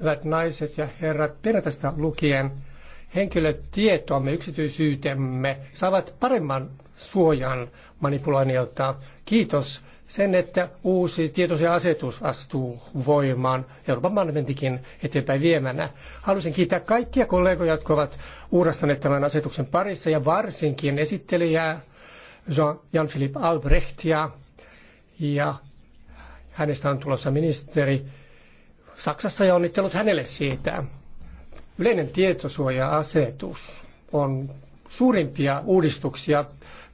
hyvät naiset ja herrat, perätästä lukien henkilötietomme, yksityisyytemme saavat paremman suojan manipuloinnilta. Kiitos sen, että uusi tietoisia asetus astuu voimaan Euroopan parlamentikin eteenpäin viemänä. Haluaisin kiittää kaikkia kollegoja, jotka ovat uurastaneet tämän asetuksen parissa ja varsinkin esittelijää Jean-Philippe Albrechtia ja hänestä on tulossa ministeri Saksassa ja onnittelut hänelle siitä. Yleinen tietosuoja-asetus on suurimpia uudistuksia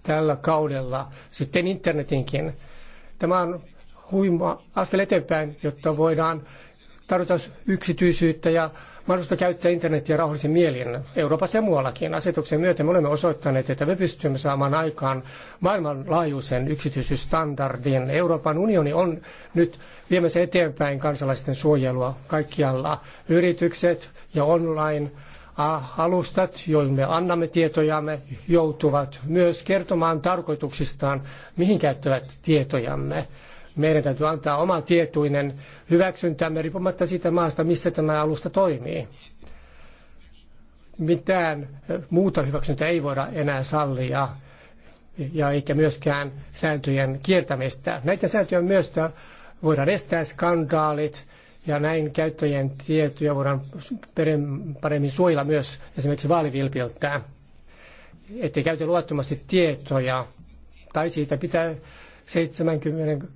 tällä kaudella, sitten internetinkin. Tämä on huima askel eteenpäin, jotta voidaan tarjota yksityisyyttä ja mahdollisuutta käyttää internetiä rauhallisen mielin Euroopassa ja muuallakin. Asetuksen myötä me olemme osoittaneet, että me pystymme saamaan aikaan maailmanlaajuisen yksityisyysstandardin. Euroopan unioni on nyt viemässä eteenpäin kansalaisten suojelua kaikkialla. Yritykset ja online alustat, joille me annamme tietojamme, joutuvat myös kertomaan tarkoituksistaan, mihin käyttävät tietojamme. Meidän täytyy antaa oma tietuinen hyväksyntämme riippumatta siitä maasta, missä tämä alusta toimii. Mitään eh, muuta hyväksyntää ei voida enää sallia ja eikä myöskään sääntöjen kiertämistä. Näitä sääntöjä myös voidaan estää skandaalit ja näin käyttäjien tietoja voidaan paremmin suojella myös esimerkiksi vaalivilpiltä, ettei käytä luottomasti tietoja. Tai siitä pitää 70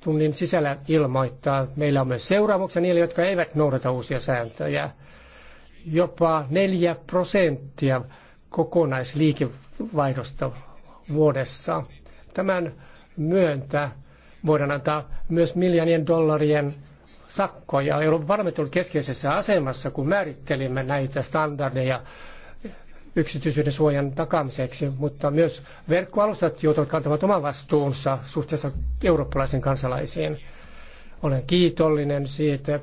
tunnin sisällä ilmoittaa. Meillä on myös seuraamuksia niille, jotka eivät noudata uusia sääntöjä. Jopa 4 prosenttia kokonaisliikevaihdosta vuodessa. Tämän myöntä voidaan antaa myös miljoonien dollarien sakkoja. Euroopan parlamentti oli keskeisessä asemassa, kun määrittelimme näitä standardeja yksityisyyden suojan takaamiseksi, mutta myös verkkoalustat joutuvat kantamaan oman vastuunsa suhteessa eurooppalaisiin kansalaisiin. Olen kiitollinen siitä,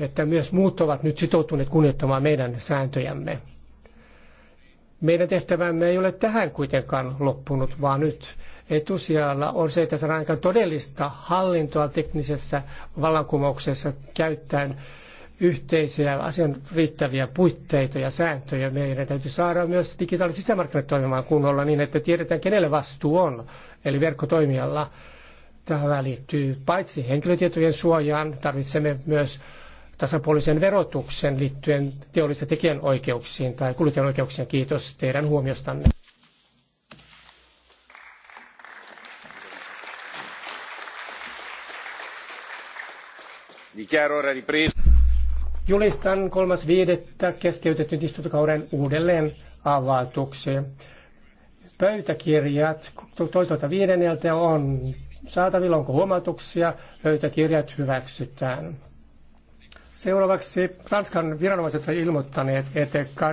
että myös muut ovat nyt sitoutuneet kunnioittamaan meidän sääntöjämme. Meidän tehtävämme ei ole tähän kuitenkaan loppunut, vaan nyt etusijalla on se, että saadaan aikaan todellista hallintoa teknisessä vallankumouksessa käyttäen yhteisiä asian riittäviä puitteita ja sääntöjä. Meidän täytyy saada myös digitaaliset sisämarkkinat toimimaan kunnolla niin, että tiedetään, kenelle vastuu on, eli verkkotoimijalla. Tähän liittyy paitsi henkilötietojen suojaan, tarvitsemme myös tasapuolisen verotuksen liittyen teollisen tekijän oikeuksiin tai kuluttajan oikeuksiin. Kiitos teidän huomiostanne. Dichiaro ora ripresa. Julistan 3.5. keskeytetyn istuntokauden uudelleen avautuksi. Pöytäkirjat toiselta viidenneltä on saatavilla, onko huomautuksia, pöytäkirjat hyväksytään. Seuraavaksi Ranskan viranomaiset ovat ilmoittaneet, että